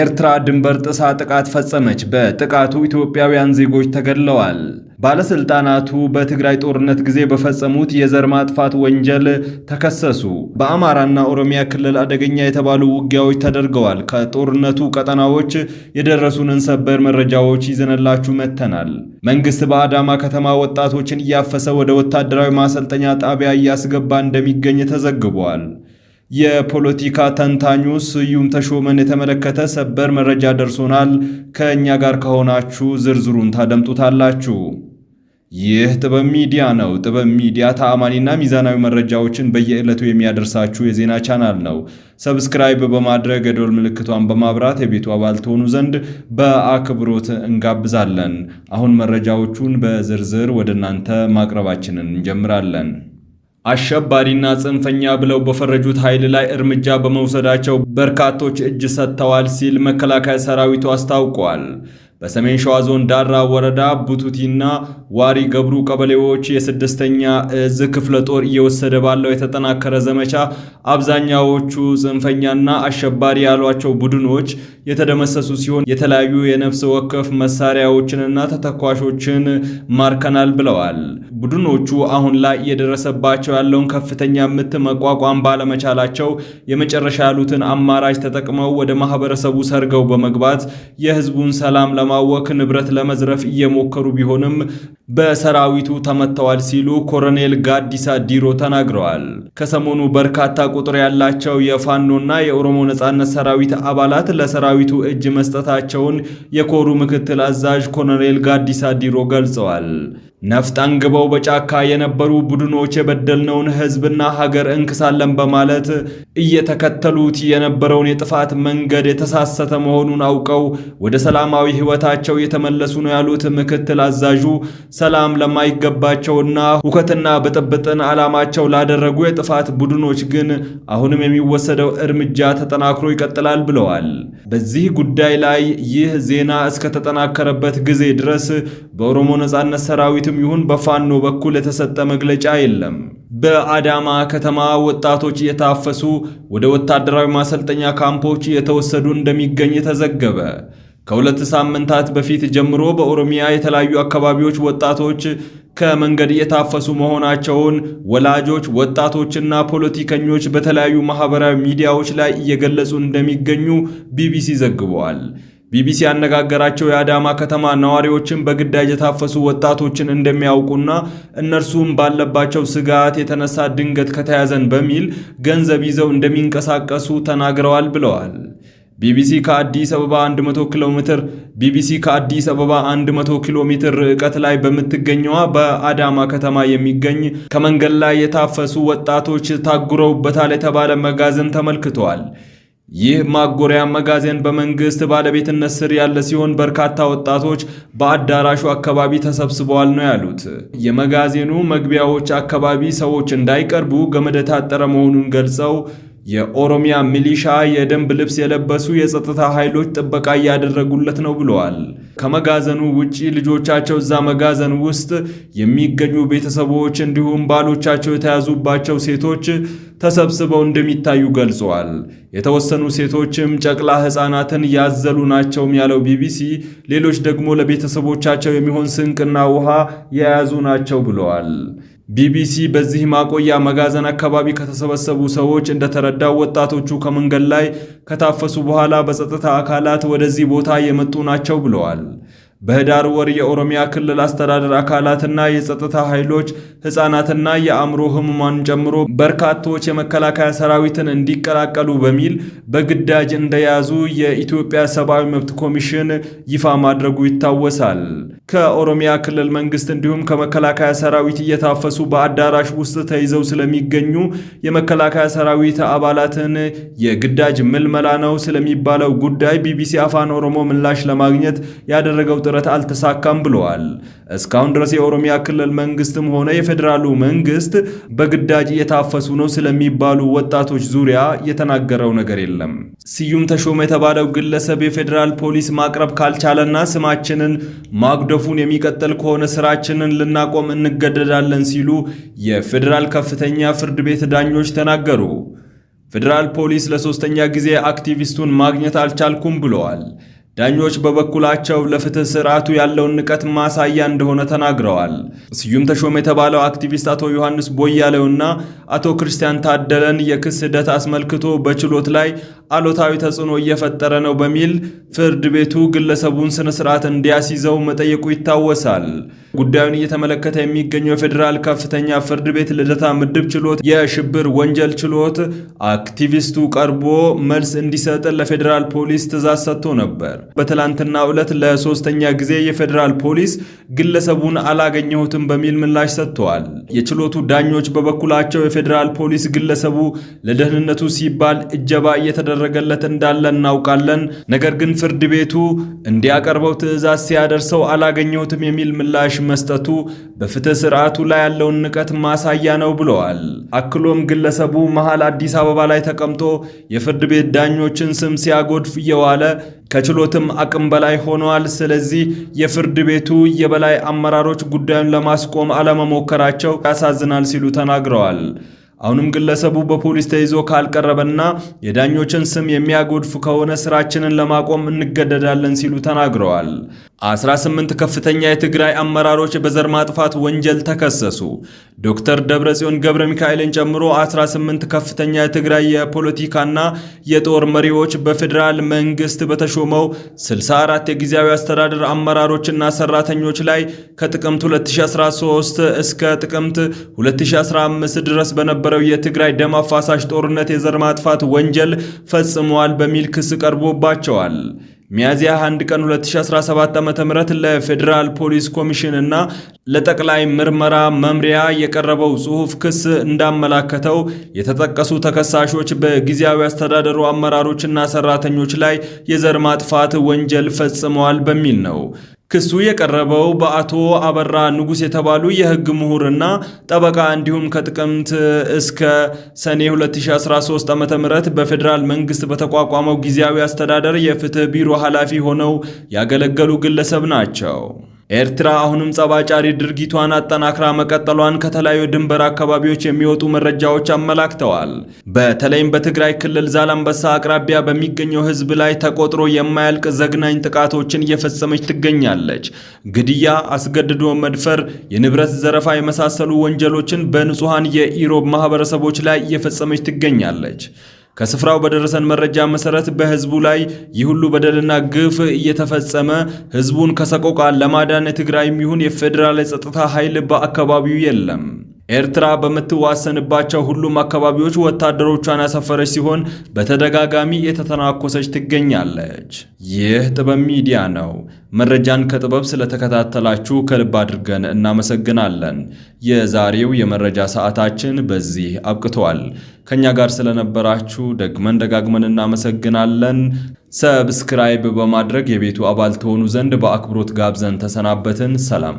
ኤርትራ ድንበር ጥሳ ጥቃት ፈጸመች። በጥቃቱ ኢትዮጵያውያን ዜጎች ተገድለዋል። ባለስልጣናቱ በትግራይ ጦርነት ጊዜ በፈጸሙት የዘር ማጥፋት ወንጀል ተከሰሱ። በአማራና ኦሮሚያ ክልል አደገኛ የተባሉ ውጊያዎች ተደርገዋል። ከጦርነቱ ቀጠናዎች የደረሱንን ሰበር መረጃዎች ይዘንላችሁ መጥተናል። መንግስት በአዳማ ከተማ ወጣቶችን እያፈሰ ወደ ወታደራዊ ማሰልጠኛ ጣቢያ እያስገባ እንደሚገኝ ተዘግቧል። የፖለቲካ ተንታኙ ስዩም ተሾመን የተመለከተ ሰበር መረጃ ደርሶናል። ከእኛ ጋር ከሆናችሁ ዝርዝሩን ታደምጡታላችሁ። ይህ ጥበብ ሚዲያ ነው። ጥበብ ሚዲያ ተአማኒና ሚዛናዊ መረጃዎችን በየዕለቱ የሚያደርሳችሁ የዜና ቻናል ነው። ሰብስክራይብ በማድረግ የደወል ምልክቷን በማብራት የቤቱ አባል ትሆኑ ዘንድ በአክብሮት እንጋብዛለን። አሁን መረጃዎቹን በዝርዝር ወደ እናንተ ማቅረባችንን እንጀምራለን። አሸባሪና ጽንፈኛ ብለው በፈረጁት ኃይል ላይ እርምጃ በመውሰዳቸው በርካቶች እጅ ሰጥተዋል ሲል መከላከያ ሰራዊቱ አስታውቋል። በሰሜን ሸዋ ዞን ዳራ ወረዳ ቡቱቲና ዋሪ ገብሩ ቀበሌዎች የስድስተኛ እዝ ክፍለ ጦር እየወሰደ ባለው የተጠናከረ ዘመቻ አብዛኛዎቹ ጽንፈኛና አሸባሪ ያሏቸው ቡድኖች የተደመሰሱ ሲሆን የተለያዩ የነፍስ ወከፍ መሳሪያዎችንና ተተኳሾችን ማርከናል ብለዋል። ቡድኖቹ አሁን ላይ እየደረሰባቸው ያለውን ከፍተኛ ምት መቋቋም ባለመቻላቸው የመጨረሻ ያሉትን አማራጭ ተጠቅመው ወደ ማህበረሰቡ ሰርገው በመግባት የህዝቡን ሰላም ለማ ለማወክ ንብረት ለመዝረፍ እየሞከሩ ቢሆንም በሰራዊቱ ተመተዋል ሲሉ ኮሎኔል ጋዲሳ ዲሮ ተናግረዋል። ከሰሞኑ በርካታ ቁጥር ያላቸው የፋኖና የኦሮሞ ነጻነት ሰራዊት አባላት ለሰራዊቱ እጅ መስጠታቸውን የኮሩ ምክትል አዛዥ ኮሎኔል ጋዲሳ ዲሮ ገልጸዋል። ነፍጥ አንግበው በጫካ የነበሩ ቡድኖች የበደልነውን ህዝብና ሀገር እንክሳለን በማለት እየተከተሉት የነበረውን የጥፋት መንገድ የተሳሰተ መሆኑን አውቀው ወደ ሰላማዊ ሕይወታቸው የተመለሱ ነው ያሉት ምክትል አዛዡ ሰላም ለማይገባቸውና ሁከትና ብጥብጥን ዓላማቸው ላደረጉ የጥፋት ቡድኖች ግን አሁንም የሚወሰደው እርምጃ ተጠናክሮ ይቀጥላል ብለዋል። በዚህ ጉዳይ ላይ ይህ ዜና እስከተጠናከረበት ጊዜ ድረስ በኦሮሞ ነጻነት ሰራዊት በመንግስትም ይሁን በፋኖ በኩል የተሰጠ መግለጫ የለም። በአዳማ ከተማ ወጣቶች እየታፈሱ ወደ ወታደራዊ ማሰልጠኛ ካምፖች እየተወሰዱ እንደሚገኝ ተዘገበ። ከሁለት ሳምንታት በፊት ጀምሮ በኦሮሚያ የተለያዩ አካባቢዎች ወጣቶች ከመንገድ እየታፈሱ መሆናቸውን ወላጆች፣ ወጣቶችና ፖለቲከኞች በተለያዩ ማህበራዊ ሚዲያዎች ላይ እየገለጹ እንደሚገኙ ቢቢሲ ዘግበዋል። ቢቢሲ ያነጋገራቸው የአዳማ ከተማ ነዋሪዎችን በግዳጅ የታፈሱ ወጣቶችን እንደሚያውቁና እነርሱም ባለባቸው ስጋት የተነሳ ድንገት ከተያዘን በሚል ገንዘብ ይዘው እንደሚንቀሳቀሱ ተናግረዋል ብለዋል። ቢቢሲ ከአዲስ አበባ 100 ኪሎ ሜትር ቢቢሲ ከአዲስ አበባ 100 ኪሎ ሜትር ርቀት ላይ በምትገኘዋ በአዳማ ከተማ የሚገኝ ከመንገድ ላይ የታፈሱ ወጣቶች ታጉረውበታል የተባለ መጋዘን ተመልክተዋል። ይህ ማጎሪያ መጋዘን በመንግስት ባለቤትነት ስር ያለ ሲሆን በርካታ ወጣቶች በአዳራሹ አካባቢ ተሰብስበዋል ነው ያሉት። የመጋዘኑ መግቢያዎች አካባቢ ሰዎች እንዳይቀርቡ ገመድ የታጠረ መሆኑን ገልጸው የኦሮሚያ ሚሊሻ የደንብ ልብስ የለበሱ የጸጥታ ኃይሎች ጥበቃ እያደረጉለት ነው ብለዋል። ከመጋዘኑ ውጪ ልጆቻቸው እዛ መጋዘን ውስጥ የሚገኙ ቤተሰቦች እንዲሁም ባሎቻቸው የተያዙባቸው ሴቶች ተሰብስበው እንደሚታዩ ገልጸዋል። የተወሰኑ ሴቶችም ጨቅላ ሕፃናትን ያዘሉ ናቸውም ያለው ቢቢሲ፣ ሌሎች ደግሞ ለቤተሰቦቻቸው የሚሆን ስንቅና ውሃ የያዙ ናቸው ብለዋል። ቢቢሲ በዚህ ማቆያ መጋዘን አካባቢ ከተሰበሰቡ ሰዎች እንደተረዳው ወጣቶቹ ከመንገድ ላይ ከታፈሱ በኋላ በጸጥታ አካላት ወደዚህ ቦታ የመጡ ናቸው ብለዋል። በህዳር ወር የኦሮሚያ ክልል አስተዳደር አካላትና የጸጥታ ኃይሎች ህጻናትና የአእምሮ ህሙማን ጨምሮ በርካቶች የመከላከያ ሰራዊትን እንዲቀላቀሉ በሚል በግዳጅ እንደያዙ የኢትዮጵያ ሰብአዊ መብት ኮሚሽን ይፋ ማድረጉ ይታወሳል። ከኦሮሚያ ክልል መንግስት እንዲሁም ከመከላከያ ሰራዊት እየታፈሱ በአዳራሽ ውስጥ ተይዘው ስለሚገኙ የመከላከያ ሰራዊት አባላትን የግዳጅ ምልመላ ነው ስለሚባለው ጉዳይ ቢቢሲ አፋን ኦሮሞ ምላሽ ለማግኘት ያደረገው ጥረት አልተሳካም ብለዋል። እስካሁን ድረስ የኦሮሚያ ክልል መንግስትም ሆነ የፌዴራሉ መንግስት በግዳጅ እየታፈሱ ነው ስለሚባሉ ወጣቶች ዙሪያ የተናገረው ነገር የለም። ስዩም ተሾመ የተባለው ግለሰብ የፌዴራል ፖሊስ ማቅረብ ካልቻለና ስማችንን ማጉደፉን የሚቀጥል ከሆነ ስራችንን ልናቆም እንገደዳለን ሲሉ የፌዴራል ከፍተኛ ፍርድ ቤት ዳኞች ተናገሩ። ፌዴራል ፖሊስ ለሶስተኛ ጊዜ አክቲቪስቱን ማግኘት አልቻልኩም ብለዋል። ዳኞች በበኩላቸው ለፍትህ ስርዓቱ ያለውን ንቀት ማሳያ እንደሆነ ተናግረዋል። ስዩም ተሾም የተባለው አክቲቪስት አቶ ዮሐንስ ቦያለውና አቶ ክርስቲያን ታደለን የክስ ሂደት አስመልክቶ በችሎት ላይ አሎታዊ ተጽዕኖ እየፈጠረ ነው በሚል ፍርድ ቤቱ ግለሰቡን ስነ ስርዓት እንዲያስይዘው መጠየቁ ይታወሳል። ጉዳዩን እየተመለከተ የሚገኘው የፌዴራል ከፍተኛ ፍርድ ቤት ልደታ ምድብ ችሎት የሽብር ወንጀል ችሎት አክቲቪስቱ ቀርቦ መልስ እንዲሰጥ ለፌዴራል ፖሊስ ትእዛዝ ሰጥቶ ነበር። በትላንትና ዕለት ለሶስተኛ ጊዜ የፌዴራል ፖሊስ ግለሰቡን አላገኘሁትም በሚል ምላሽ ሰጥተዋል። የችሎቱ ዳኞች በበኩላቸው የፌዴራል ፖሊስ ግለሰቡ ለደህንነቱ ሲባል እጀባ እየተደረገለት እንዳለ እናውቃለን፣ ነገር ግን ፍርድ ቤቱ እንዲያቀርበው ትዕዛዝ ሲያደርሰው አላገኘሁትም የሚል ምላሽ መስጠቱ በፍትህ ስርዓቱ ላይ ያለውን ንቀት ማሳያ ነው ብለዋል። አክሎም ግለሰቡ መሃል አዲስ አበባ ላይ ተቀምጦ የፍርድ ቤት ዳኞችን ስም ሲያጎድፍ እየዋለ ከችሎትም አቅም በላይ ሆነዋል። ስለዚህ የፍርድ ቤቱ የበላይ አመራሮች ጉዳዩን ለማስቆም አለመሞከራቸው ያሳዝናል ሲሉ ተናግረዋል። አሁንም ግለሰቡ በፖሊስ ተይዞ ካልቀረበና የዳኞችን ስም የሚያጎድፍ ከሆነ ስራችንን ለማቆም እንገደዳለን ሲሉ ተናግረዋል። አስራ ስምንት ከፍተኛ የትግራይ አመራሮች በዘር ማጥፋት ወንጀል ተከሰሱ። ዶክተር ደብረጽዮን ገብረ ሚካኤልን ጨምሮ 18 ከፍተኛ የትግራይ የፖለቲካና የጦር መሪዎች በፌዴራል መንግስት በተሾመው 64 የጊዜያዊ አስተዳደር አመራሮችና ሰራተኞች ላይ ከጥቅምት 2013 እስከ ጥቅምት 2015 ድረስ በነበረው የትግራይ ደም አፋሳሽ ጦርነት የዘር ማጥፋት ወንጀል ፈጽመዋል በሚል ክስ ቀርቦባቸዋል። ሚያዚያ 1 ቀን 2017 ዓ ም ለፌዴራል ፖሊስ ኮሚሽን እና ለጠቅላይ ምርመራ መምሪያ የቀረበው ጽሑፍ ክስ እንዳመላከተው የተጠቀሱ ተከሳሾች በጊዜያዊ አስተዳደሩ አመራሮችና ሰራተኞች ላይ የዘር ማጥፋት ወንጀል ፈጽመዋል በሚል ነው። ክሱ የቀረበው በአቶ አበራ ንጉስ የተባሉ የህግ ምሁርና ጠበቃ እንዲሁም ከጥቅምት እስከ ሰኔ 2013 ዓ ም በፌዴራል መንግስት በተቋቋመው ጊዜያዊ አስተዳደር የፍትህ ቢሮ ኃላፊ ሆነው ያገለገሉ ግለሰብ ናቸው። ኤርትራ አሁንም ጸባጫሪ ድርጊቷን አጠናክራ መቀጠሏን ከተለያዩ ድንበር አካባቢዎች የሚወጡ መረጃዎች አመላክተዋል። በተለይም በትግራይ ክልል ዛላምበሳ አቅራቢያ በሚገኘው ሕዝብ ላይ ተቆጥሮ የማያልቅ ዘግናኝ ጥቃቶችን እየፈጸመች ትገኛለች። ግድያ፣ አስገድዶ መድፈር፣ የንብረት ዘረፋ የመሳሰሉ ወንጀሎችን በንጹሐን የኢሮብ ማህበረሰቦች ላይ እየፈጸመች ትገኛለች። ከስፍራው በደረሰን መረጃ መሰረት በህዝቡ ላይ ይህ ሁሉ በደልና ግፍ እየተፈጸመ ህዝቡን ከሰቆቃ ለማዳን የትግራይም ይሁን የፌዴራል የጸጥታ ኃይል በአካባቢው የለም። ኤርትራ በምትዋሰንባቸው ሁሉም አካባቢዎች ወታደሮቿን ያሰፈረች ሲሆን በተደጋጋሚ የተተናኮሰች ትገኛለች። ይህ ጥበብ ሚዲያ ነው። መረጃን ከጥበብ ስለተከታተላችሁ ከልብ አድርገን እናመሰግናለን። የዛሬው የመረጃ ሰዓታችን በዚህ አብቅተዋል። ከእኛ ጋር ስለነበራችሁ ደግመን ደጋግመን እናመሰግናለን። ሰብስክራይብ በማድረግ የቤቱ አባል ተሆኑ ዘንድ በአክብሮት ጋብዘን ተሰናበትን። ሰላም